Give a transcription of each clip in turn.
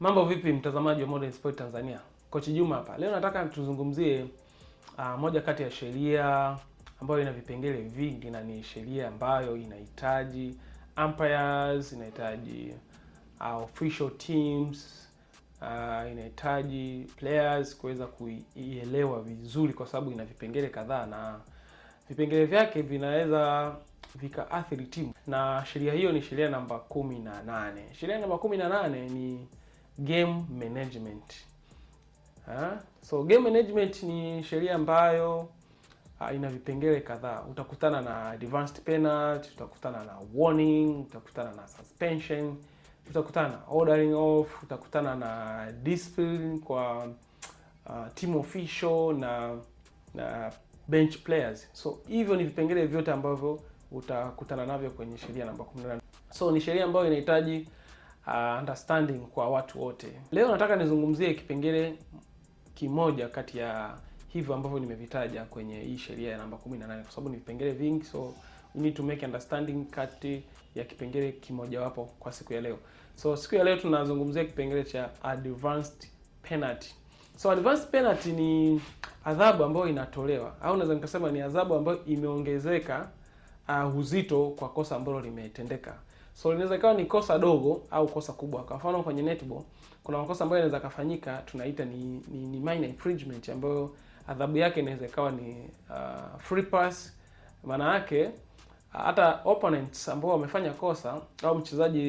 Mambo vipi mtazamaji wa Modern Sport Tanzania? Coach Juma hapa. Leo nataka tuzungumzie uh, moja kati ya sheria ambayo ina vipengele vingi na ni sheria ambayo inahitaji umpires, inahitaji uh, official teams, uh, inahitaji players kuweza kuielewa vizuri kwa sababu ina vipengele kadhaa na vipengele vyake vinaweza vikaathiri timu. Na sheria hiyo ni sheria namba 18. Sheria namba 18 ni game management. Ha? So game management ni sheria ambayo ha, ina vipengele kadhaa. Utakutana na advanced penalty, utakutana na warning, utakutana na suspension, utakutana na ordering off, utakutana na discipline kwa uh, team official na na bench players. So hivyo ni vipengele vyote ambavyo utakutana navyo kwenye sheria namba 18. So ni sheria ambayo inahitaji uh, understanding kwa watu wote. Leo nataka nizungumzie kipengele kimoja kati ya hivyo ambavyo nimevitaja kwenye hii sheria ya namba 18 kwa sababu ni vipengele vingi, so we need to make understanding kati ya kipengele kimojawapo kwa siku ya leo. So siku ya leo tunazungumzia kipengele cha advanced penalty. So advanced penalty ni adhabu ambayo inatolewa au naweza nikasema ni adhabu ambayo imeongezeka uh, uzito kwa kosa ambalo limetendeka. So inaweza ikawa ni kosa dogo au kosa kubwa. Kwa mfano kwenye netball kuna makosa ambayo yanaweza kafanyika tunaita ni, ni, ni minor infringement ambayo adhabu yake inaweza ikawa ni uh, free pass. Maana yake hata opponents ambao wamefanya kosa au mchezaji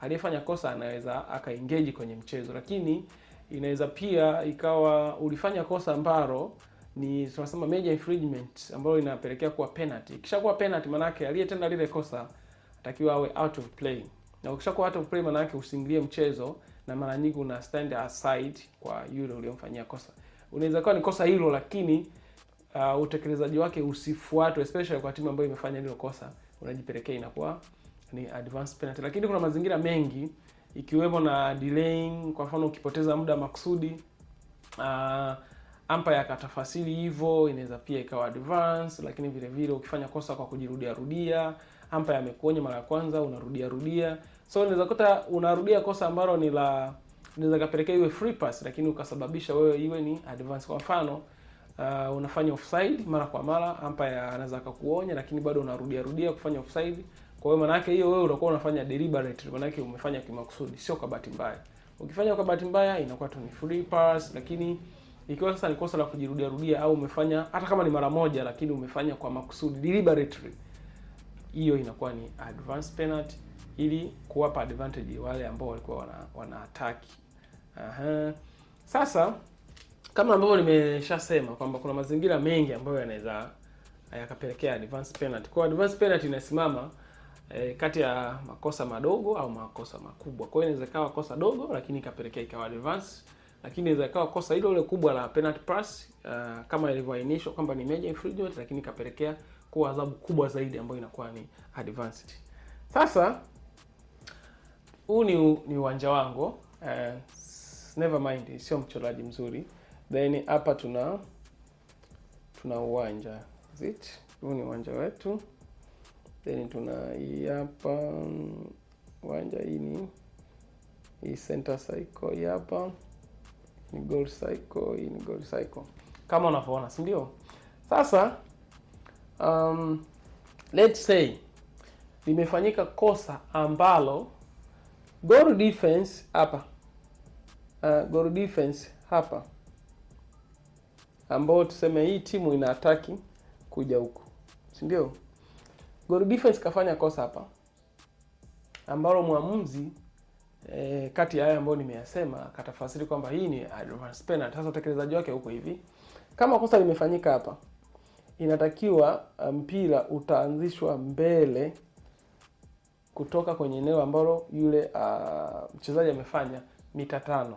aliyefanya kosa anaweza akaengage kwenye mchezo, lakini inaweza pia ikawa ulifanya kosa ambalo ni tunasema major infringement ambayo inapelekea kuwa penalty. Ikishakuwa penalty, maana yake aliyetenda lile kosa takiwa awe out of play, na ukishakuwa out of play, maana yake usiingilie mchezo, na mara nyingi una stand aside kwa yule uliyomfanyia kosa. Unaweza kuwa ni kosa hilo, lakini uh, utekelezaji wake usifuatwe, especially kwa timu ambayo imefanya hilo kosa, unajipelekea inakuwa ni advance penalty. Lakini kuna mazingira mengi ikiwemo na delaying, kwa mfano ukipoteza muda makusudi uh, umpire akatafasiri hivyo, inaweza pia ikawa advance. Lakini vile vile ukifanya kosa kwa kujirudia rudia ampa amekuonya mara ya kwanza, unarudia rudia, so unaweza kuta unarudia kosa ambalo ni la unaweza kapelekea iwe free pass, lakini ukasababisha wewe iwe ni advance. Kwa mfano uh, unafanya offside mara kwa mara, ampa anaweza akakuonya, lakini bado unarudia rudia kufanya offside. Kwa hiyo maana yake hiyo wewe unakuwa unafanya deliberate maana yake umefanya kimakusudi, sio kwa bahati mbaya. Ukifanya kwa bahati mbaya inakuwa tu ni free pass, lakini ikiwa sasa ni kosa la kujirudia rudia au umefanya hata kama ni mara moja, lakini umefanya kwa makusudi deliberately hiyo inakuwa ni advance penalty ili kuwapa advantage wale ambao walikuwa wana, wana attack. Aha. Sasa kama ambavyo nimeshasema kwamba kuna mazingira mengi ambayo yanaweza yakapelekea advance penalty. Kwa advance penalty inasimama eh, kati ya makosa madogo au makosa makubwa. Kwa hiyo inaweza kawa kosa dogo lakini ikapelekea ikawa advance, lakini inaweza kawa kosa hilo ile kubwa la penalty plus uh, ah, kama ilivyoainishwa kwamba ni major infringement lakini ikapelekea kuwa adhabu kubwa zaidi ambayo inakuwa ni advanced. Sasa huu ni uwanja wangu uh, never mind, sio mchoraji mzuri. Then hapa tuna tuna uwanja is it, huu ni uwanja wetu. Then tuna hii hapa uwanja, hii ni hii center cycle, hii hapa ni goal cycle, hii ni goal cycle kama unavyoona, si ndio? Sasa um, let's say limefanyika kosa ambalo goal defense hapa uh, goal defense hapa ambao tuseme hii timu ina ataki kuja huku, si ndio? Goal defense kafanya kosa hapa ambalo mwamuzi eh, kati ya haya ambayo nimeyasema akatafasiri kwamba hii ni advance penalty. Sasa utekelezaji wake huko hivi, kama kosa limefanyika hapa inatakiwa uh, mpira utaanzishwa mbele kutoka kwenye eneo ambalo yule uh, mchezaji amefanya mita tano.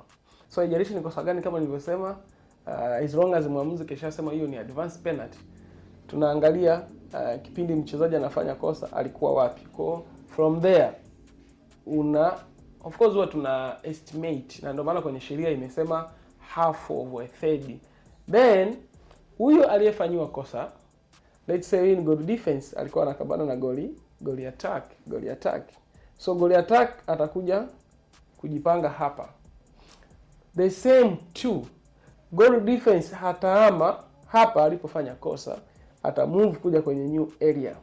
So haijalishi ni kosa gani, kama nilivyosema, uh, as long as mwamuzi kishasema hiyo ni advance penalty, tunaangalia uh, kipindi mchezaji anafanya kosa alikuwa wapi. Kwa from there una of course huwa tuna estimate, na ndio maana kwenye sheria imesema half of a third then huyo aliyefanyiwa kosa, let's say in goal defense alikuwa anakabana na goli goli attack goli attack, so goli attack atakuja kujipanga hapa. The same two goal defense hataama hapa alipofanya kosa, ata move kuja kwenye new area.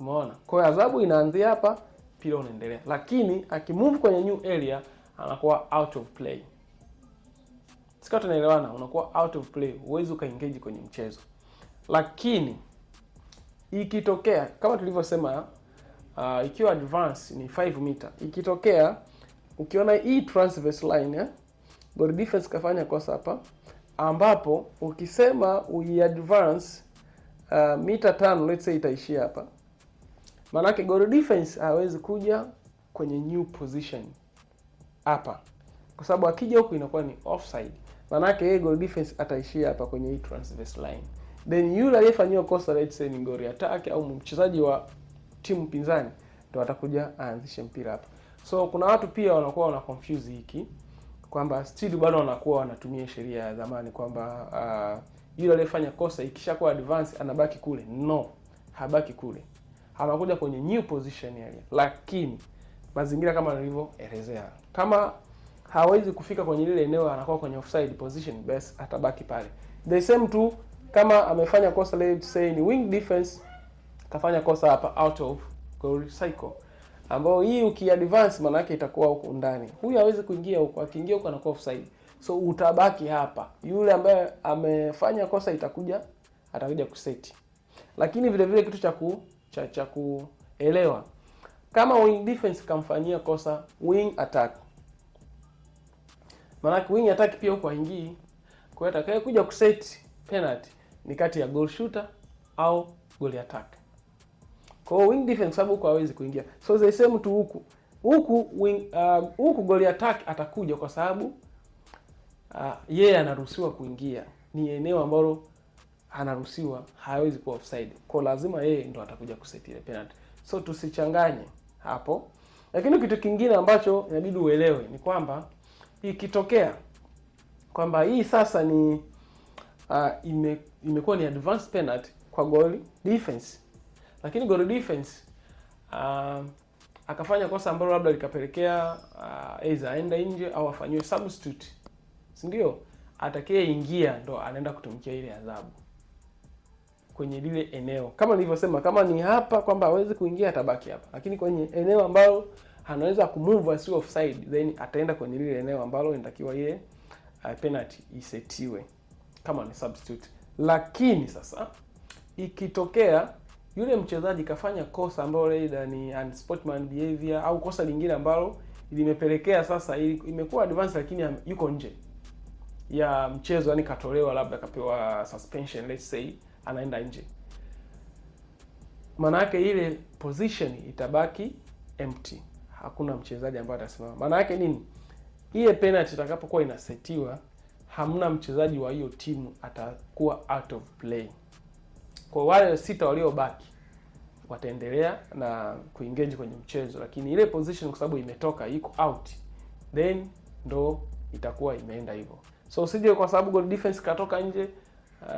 Umeona? Kwa hiyo adhabu inaanzia hapa, pila unaendelea, lakini akimove kwenye new area anakuwa out of play sika tunaelewana, unakuwa out of play, huwezi ukaengage kwenye mchezo. Lakini ikitokea kama tulivyosema, uh, ikiwa advance ni 5 meter, ikitokea ukiona hii transverse line eh, goal defense kafanya kosa hapa, ambapo ukisema ui advance uh, mita tano, let's say itaishia hapa, maanake goal defense hawezi kuja kwenye new position hapa, kwa sababu akija huku inakuwa ni offside. Manake yeye goal defense ataishia hapa kwenye hii transverse line. Then yule aliyefanyiwa kosa let's say ni goal attack au mchezaji wa timu pinzani ndo atakuja aanzishe mpira hapa. So kuna watu pia wanakuwa wana confuse hiki kwamba still bado wanakuwa wanatumia sheria ya zamani kwamba uh, yule aliyefanya kosa ikishakuwa advance anabaki kule. No, habaki kule. Anakuja kwenye new position area. Lakini mazingira kama nilivyoelezea. Kama hawezi kufika kwenye lile eneo, anakuwa kwenye offside position, basi atabaki pale. The same tu kama amefanya kosa, let's say ni wing defense, kafanya kosa hapa out of goal cycle, ambao hii uki advance maana yake itakuwa huko ndani. Huyu hawezi kuingia huko, akiingia huko anakuwa offside, so utabaki hapa. Yule ambaye amefanya kosa itakuja, atakuja kuseti. Lakini vile vile kitu cha ku cha cha kuelewa, kama wing defense kamfanyia kosa wing attack Maanake wing attack pia huko haingii. Kwa hiyo atakaye kuja kuset penalty ni kati ya goal shooter au goal attack. Kwa hiyo wing defense sababu huko hawezi kuingia. So they same tu huku. Huku wing uh, huku goal attack atakuja kwa sababu uh, yeye anaruhusiwa kuingia. Ni eneo ambalo anaruhusiwa, hawezi kuwa offside. Kwa lazima yeye ndo atakuja kuset ile penalty. So tusichanganye hapo. Lakini kitu kingine ambacho inabidi uelewe ni kwamba ikitokea kwamba hii sasa ni uh, ime, imekuwa ni advance penalty kwa goal defense, lakini goal defense uh, akafanya kosa ambalo labda likapelekea uh, aenda nje au afanyiwe substitute, si ndio? Atakayeingia ndo anaenda kutumikia ile adhabu kwenye lile eneo, kama nilivyosema, kama ni hapa kwamba awezi kuingia, atabaki hapa, lakini kwenye eneo ambalo anaweza kumove asiwe offside, then ataenda kwenye lile eneo ambalo inatakiwa yeye uh, penalty isetiwe kama ni substitute. Lakini sasa ikitokea yule mchezaji kafanya kosa ambalo either ni unsportsman behavior au kosa lingine ambalo limepelekea sasa imekuwa advance, lakini yuko nje ya mchezo, yani katolewa, labda kapewa suspension, let's say anaenda nje, maana yake ile position itabaki empty hakuna mchezaji ambaye atasimama. Maana yake nini? Ile penalty itakapokuwa inasetiwa, hamna mchezaji wa hiyo timu atakuwa out of play. Kwa wale sita waliobaki wataendelea na kuengage kwenye mchezo, lakini ile position kwa sababu imetoka iko out, then ndo itakuwa imeenda hivyo. So usije kwa sababu goal defense katoka nje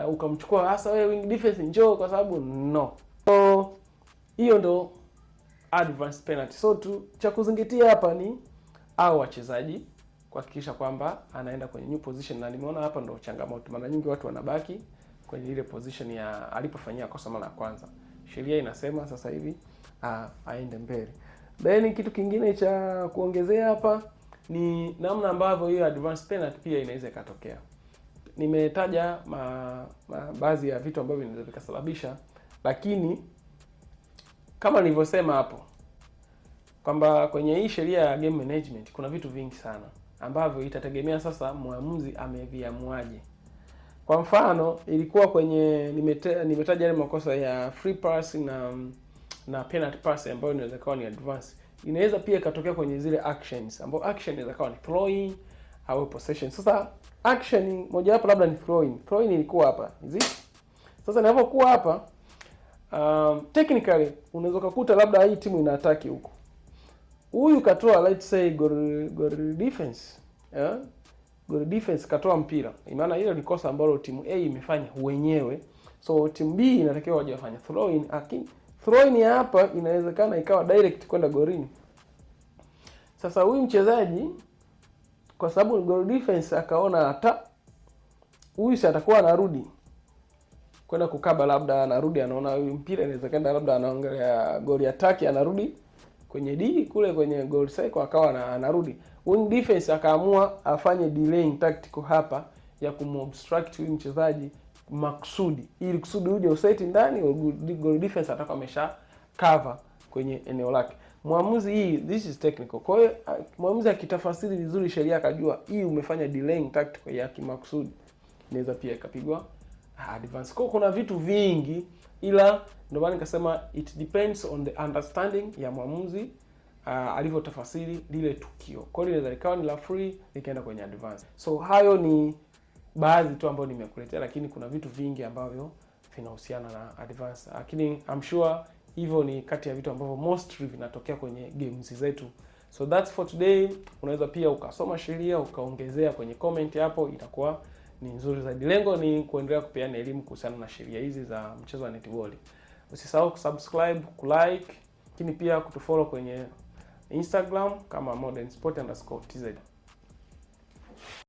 uh, ukamchukua hasa wewe wing defense njoo kwa sababu no. So hiyo ndo advance penalty. So tu, cha kuzingatia hapa ni au wachezaji kuhakikisha kwamba anaenda kwenye new position, na nimeona hapa ndo changamoto. maana nyingi watu wanabaki kwenye ile position ya alipofanyia kosa mara ya kwanza. Sheria inasema sasa hivi ah, aende mbele. Then kitu kingine cha kuongezea hapa ni namna ambavyo hiyo advance penalty pia inaweza ikatokea. Nimetaja ma, ma baadhi ya vitu ambavyo vinaweza vikasababisha, lakini kama nilivyosema hapo kwamba kwenye hii sheria ya game management kuna vitu vingi sana ambavyo itategemea sasa mwamuzi ameviamuaje. Kwa mfano ilikuwa kwenye nimete, nimetaja yale makosa ya free pass na na penalty pass ambayo inaweza kuwa ni advance. Inaweza pia ikatokea kwenye zile actions ambapo action inaweza kuwa ni throwing au possession. Sasa action moja hapo labda ni throwing. Throwing ilikuwa hapa. Hizi. Sasa ninapokuwa hapa um, technically unaweza kukuta labda hii timu ina attack huko, huyu katoa let's say goal goal defense yeah? goal defense katoa mpira, maana hilo ni kosa ambalo timu A imefanya wenyewe, so timu B inatakiwa waje wafanye throw in, lakini throw in ya hapa inawezekana ikawa direct kwenda golini. Sasa huyu mchezaji kwa sababu goal defense akaona hata huyu si atakuwa anarudi kwenda kukaba, labda anarudi anaona huyu mpira inaweza kenda labda anaongelea goli ataki, anarudi kwenye di kule kwenye goal cycle, akawa anarudi wing defense, akaamua afanye delaying tactical hapa ya kumobstruct huyu mchezaji makusudi, ili kusudi uje useti ndani, goal defense atakuwa amesha cover kwenye eneo lake. Mwamuzi hii this is technical. Kwa hiyo mwamuzi akitafasiri vizuri sheria akajua hii umefanya delaying tactical ya kimakusudi, inaweza pia ikapigwa advance. Kwa kuna vitu vingi, ila ndio maana nikasema it depends on the understanding ya mwamuzi uh, alivyotafasiri lile tukio. Kwa hiyo linaweza likawa ni la free likaenda kwenye advance. So hayo ni baadhi tu ambayo nimekuletea, lakini kuna vitu vingi ambavyo vinahusiana na advance, lakini I'm sure hivyo ni kati ya vitu ambavyo mostly vinatokea kwenye games zetu. So that's for today. Unaweza pia ukasoma sheria ukaongezea kwenye comment hapo, itakuwa ni nzuri zaidi. Lengo ni kuendelea kupeana elimu kuhusiana na sheria hizi za mchezo wa netball. Usisahau kusubscribe, kulike, lakini pia kutufollow kwenye Instagram kama modernsport_tz.